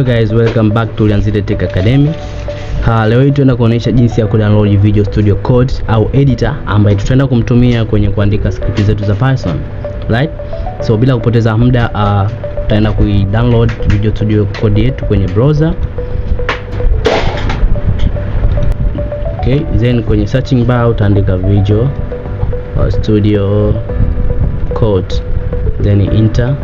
Hello guys, welcome back to Ulianzile Tech Academy. Ha, leo hii tuenda kuonyesha jinsi ya kudownload Video Studio Code au editor ambayo tutaenda kumtumia kwenye kuandika script zetu za Python. Right? So bila kupoteza muda uh, tutaenda kuidownload Video Studio Code yetu kwenye browser. Okay, then kwenye searching bar utaandika Visual ah, Studio Code then enter.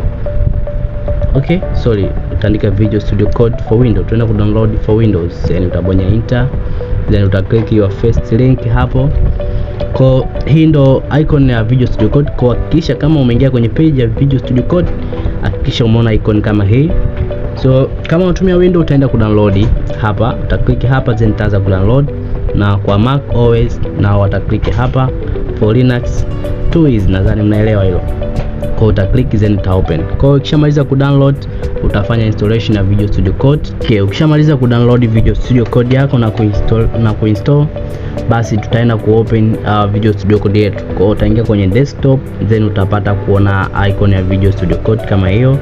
Okay, sorry utaandika Visual Studio Code for Windows, Tuenda ku download for Windows, yani utabonya enter, then uta click your first link hapo. Kwa hii ndo icon ya Visual Studio Code. Kwa hakikisha kama umeingia kwenye page ya Visual Studio Code, hakikisha umeona icon kama hii. So kama unatumia Windows utaenda ku download hapa, uta click hapa, then utaanza ku download, na kwa Mac OS na uta click hapa, for Linux too easy, nadhani mnaelewa hilo kwa uta click then uta open. Kwa ukishamaliza ku download utafanya installation ya Visual Studio Code. Okay, ukishamaliza ku download Visual Studio Code yako na kuinstall na kuinstall basi tutaenda ku open uh, Visual Studio Code yetu. Kwa hiyo utaingia kwenye desktop then utapata kuona icon ya Visual Studio Code kama hiyo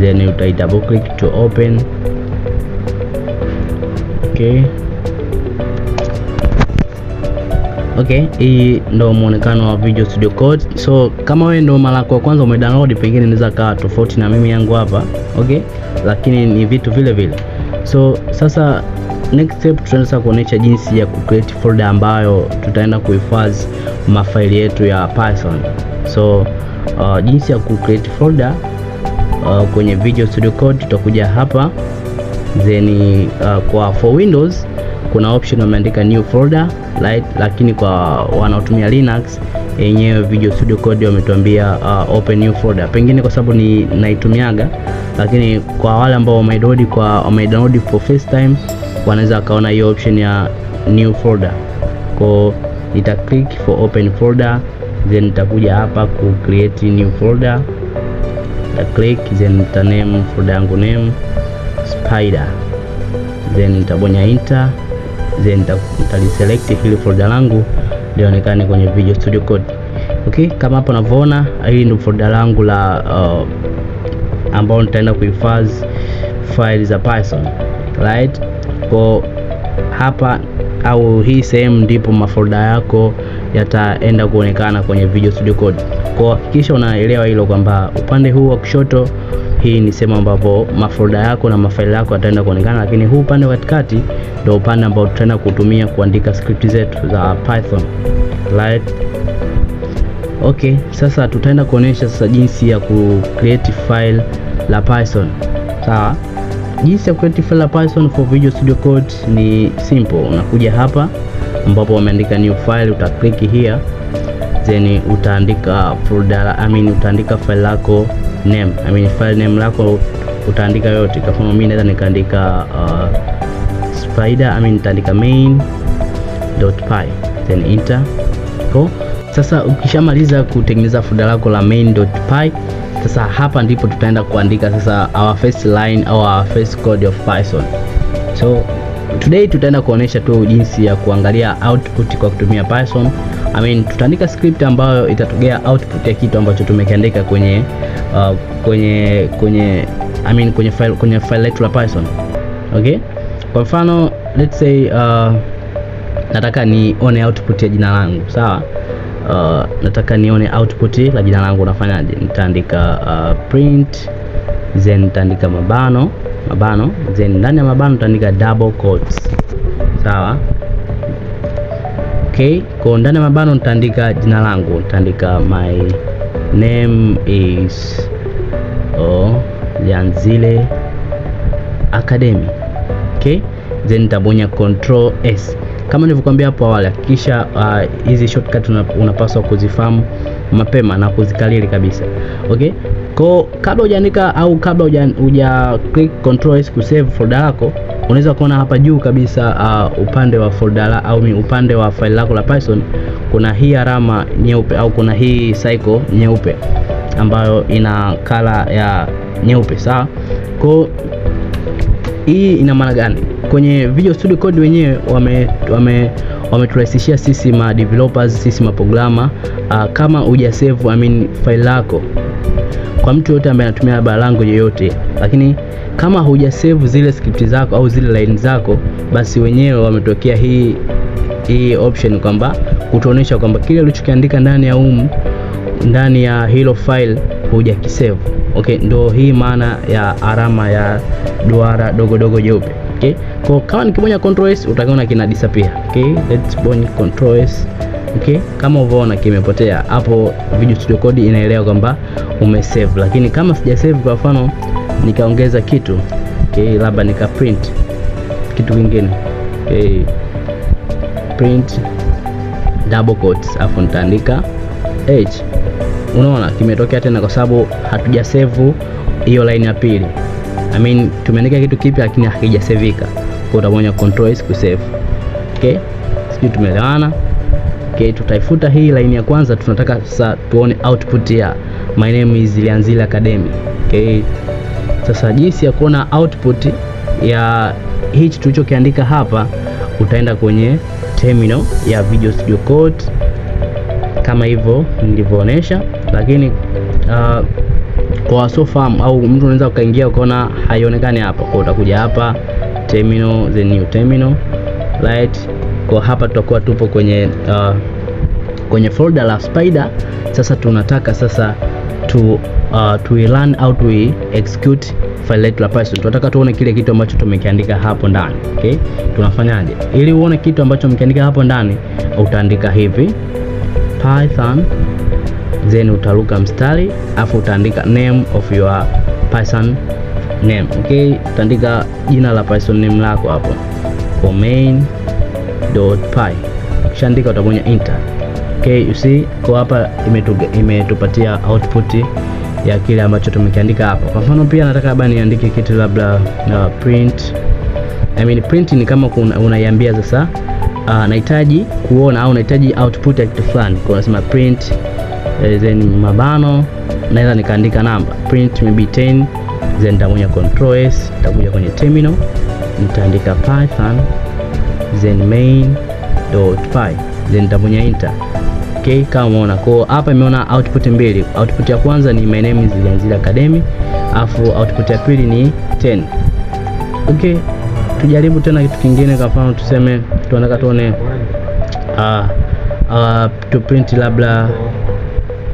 then uta double click to open. Okay. Okay, hii ndo muonekano wa Visual Studio Code. So kama wewe ndo mara kwa kwanza umedownload, pengine inaweza kaa tofauti na mimi yangu hapa okay, lakini ni vitu vile vile. So sasa next step tutaanza kuonyesha jinsi ya kucreate folder ambayo tutaenda kuhifadhi mafaili yetu ya Python. So uh, jinsi ya kucreate folder uh, kwenye Visual Studio Code tutakuja hapa then uh, kwa for Windows kuna option wameandika new folder right, lakini kwa wanaotumia Linux yenyewe Visual Studio Code wametuambia uh, open new folder, pengine kwa sababu ni naitumiaga, lakini kwa wale ambao wameidownload kwa wameidownload for first time wanaweza wakaona hiyo option ya new folder. Kwa nita click for open folder, then nitakuja hapa ku create new folder, nita click then nita name folder yangu name spider, then nitabonya enter then nitaliselect hili folder langu lionekane kwenye Visual Studio Code. Okay, kama hapo unavyoona, hili ndio folder langu la uh, ambao nitaenda kuhifadhi files za Python right. Kwa hapa au hii sehemu ndipo mafolder yako yataenda kuonekana kwenye video studio code. Kwa hakikisha unaelewa hilo kwamba upande huu wa kushoto hii ni sehemu ambapo mafolda yako na mafaili yako yataenda kuonekana, lakini huu upande wa katikati ndio upande ambao tutaenda kutumia kuandika script zetu za Python. Right. Okay, sasa tutaenda kuonyesha sasa jinsi ya ku create file la Python. Sawa? Jinsi ya create file Python for Visual Studio Code ni simple. Unakuja hapa ambapo wameandika new file, uta click here then utaandika folder, I mean utaandika file lako name, I mean file name lako utaandika yote. Kwa mfano mimi naweza nikaandika uh, spider, I mean nitaandika main.py then enter. Ko, sasa ukishamaliza kutengeneza folder lako la main.py sasa hapa ndipo tutaenda kuandika sasa our first line au our first code of Python. So today tutaenda kuonesha tu jinsi ya kuangalia output kwa kutumia Python. I mean tutaandika script ambayo itatogea output ya kitu ambacho tumekiandika kwenye uh, kwenye kwenye I mean kwenye file kwenye file letu la Python. Okay? Kwa mfano let's say uh, nataka nione output ya jina langu, sawa? uh, nataka nione output la jina langu nafanyaje, nitaandika uh, print then nitaandika mabano mabano then ndani ya mabano nitaandika double quotes sawa. Okay, kwa ndani ya mabano nitaandika jina langu, nitaandika my name is oh, Lyanzile Academy. Okay, then nitabonya control s kama nilivyokuambia hapo awali, hakikisha uh, hizi uh, shortcut unapaswa kuzifahamu mapema na kuzikalili kabisa. Okay? Kwa kabla hujaandika au kabla huja, click control S kusave folder lako, unaweza kuona hapa juu kabisa uh, upande wa folder la, au upande wa file lako la Python kuna hii alama nyeupe au kuna hii cycle nyeupe ambayo ina kala ya nyeupe, sawa? Kwa hii ina maana gani? Kwenye Visual Studio Code wenyewe wameturahisishia wame, wame sisi ma developers, sisi programmer uh, kama save I mean file lako kwa mtu yote ambaye anatumia labda language yoyote, lakini kama save zile script zako au zile line zako, basi wenyewe wametokea hii hii option kwamba kutuonesha kwamba kile ulichokiandika ndani ya um ndani ya hilo file hujakisave. Okay, ndo hii maana ya alama ya duara dogo dogo jeupe. Okay, kwa kama nikibonya control S utakiona kina disappear. Okay, let's bony control S. Okay, kama uvoona kimepotea hapo, Visual Studio Code inaelewa kwamba umesave, lakini kama save, kwa mfano nikaongeza kitu okay, labda nika print kitu kingine okay, print double quotes afu nitaandika h unaona kimetokea tena, kwa sababu hatuja save hiyo line ya pili. I mean tumeandika kitu kipya lakini hakijasevika, kwa utabonyeza control s kusave. Okay, sijui tumeelewana. Okay, tutaifuta hii line ya kwanza. Tunataka sasa tuone output ya my name is Lianzila Academy. Okay, sasa jinsi ya kuona output ya hichi tulichokiandika hapa, utaenda kwenye terminal ya Visual Studio Code kama hivyo nilivyoonesha lakini uh, kwa wasiofahamu au mtu unaweza ukaingia ukaona haionekani hapa, kwa utakuja hapa terminal, the new terminal right. Kwa hapa tutakuwa tupo kwenye uh, kwenye folder la spider. Sasa tunataka sasa tu uh, tuilan au tui execute file yetu la Python. Tunataka tuone kile kitu ambacho tumekiandika hapo ndani okay. Tunafanyaje ili uone kitu ambacho umekiandika hapo ndani? Utaandika hivi python then utaruka mstari afu utaandika name of your person name okay, utaandika jina la person name lako hapo for main.py. Ukishaandika utabonya enter. Okay, you see kwa hapa imetupatia output ya kile ambacho tumekiandika hapo. Kwa mfano pia nataka labda niandike kitu labda na uh, print I mean, print ni kama unaiambia una sasa, uh, nahitaji kuona au nahitaji output ya kitu fulani, kwa unasema print then mabano naweza nikaandika namba print maybe 10 then nitakuja control s nitakuja kwenye terminal nitaandika python then main.py then nitakuja enter okay kama umeona kwa hapa imeona output mbili output ya kwanza ni my name is Ganzila Academy afu output ya pili ni 10 okay tujaribu tena kitu kingine kwa mfano tuseme tunataka tuone uh, uh, to print labda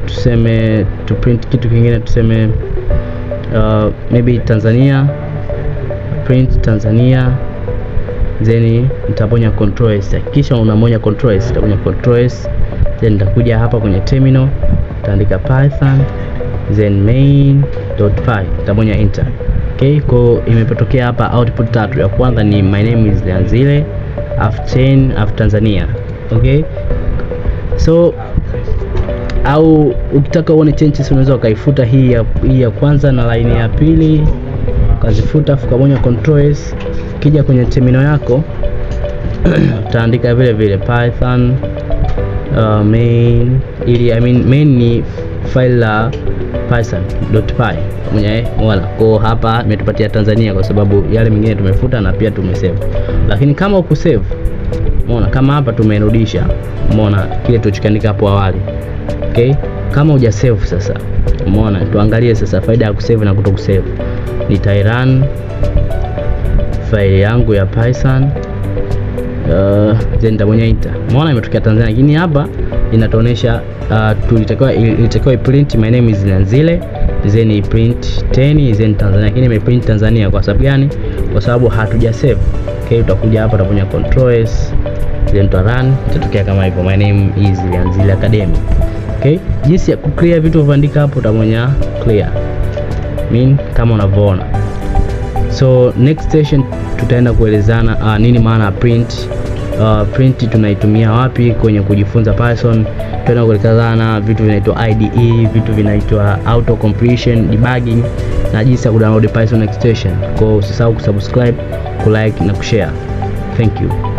tuseme tu print kitu kingine tuseme uh, maybe Tanzania print Tanzania then nitabonya control s. Hakikisha unamonya control s, nitabonya control s then nitakuja hapa kwenye terminal nitaandika python then main.py nitabonya enter. Okay, kwa imepotokea hapa output tatu. Ya kwanza ni my name is Danzile af af Tanzania. Okay, so au ukitaka uone changes unaweza ukaifuta hii ya, hii ya kwanza na line ya pili ukazifuta, afu kabonyeza control s. Ukija kwenye terminal yako utaandika vile vile python uh, main ili I mean, main ni file la python.py mwenye wala eh? kwa hapa imetupatia Tanzania kwa sababu yale mengine tumefuta na pia tumesave, lakini kama ukusave Umeona kama hapa tumerudisha, umeona kile tulichokiandika hapo awali. Okay? Kama uja save sasa. Umeona tuangalie sasa faida ya kusave na kutokusave. Nitairun faili yangu ya Python. Uh, then nitabonyeza enter. Umeona imetokea Tanzania, lakini hapa inatuonesha uh, tulitakiwa ilitakiwa print my name is Nanzile then print 10 then Tanzania, lakini print Tanzania. Kwa sababu gani? Kwa sababu hatuja save. Okay, utakuja hapa utafanya control s then uta run, itatokea kama hivyo, my name is Lianzili Academy. Okay, jinsi ya ku clear vitu unaandika hapo, utamenya clear mean kama unavyoona. So next session tutaenda kuelezana uh, nini maana print uh, print tunaitumia wapi kwenye kujifunza Python. Tutaenda kuelekezana vitu vinaitwa IDE, vitu vinaitwa auto completion, debugging na jinsi ya kudownload Python extension. Kwa hiyo usisahau kusubscribe, kulike na kushare. Thank you.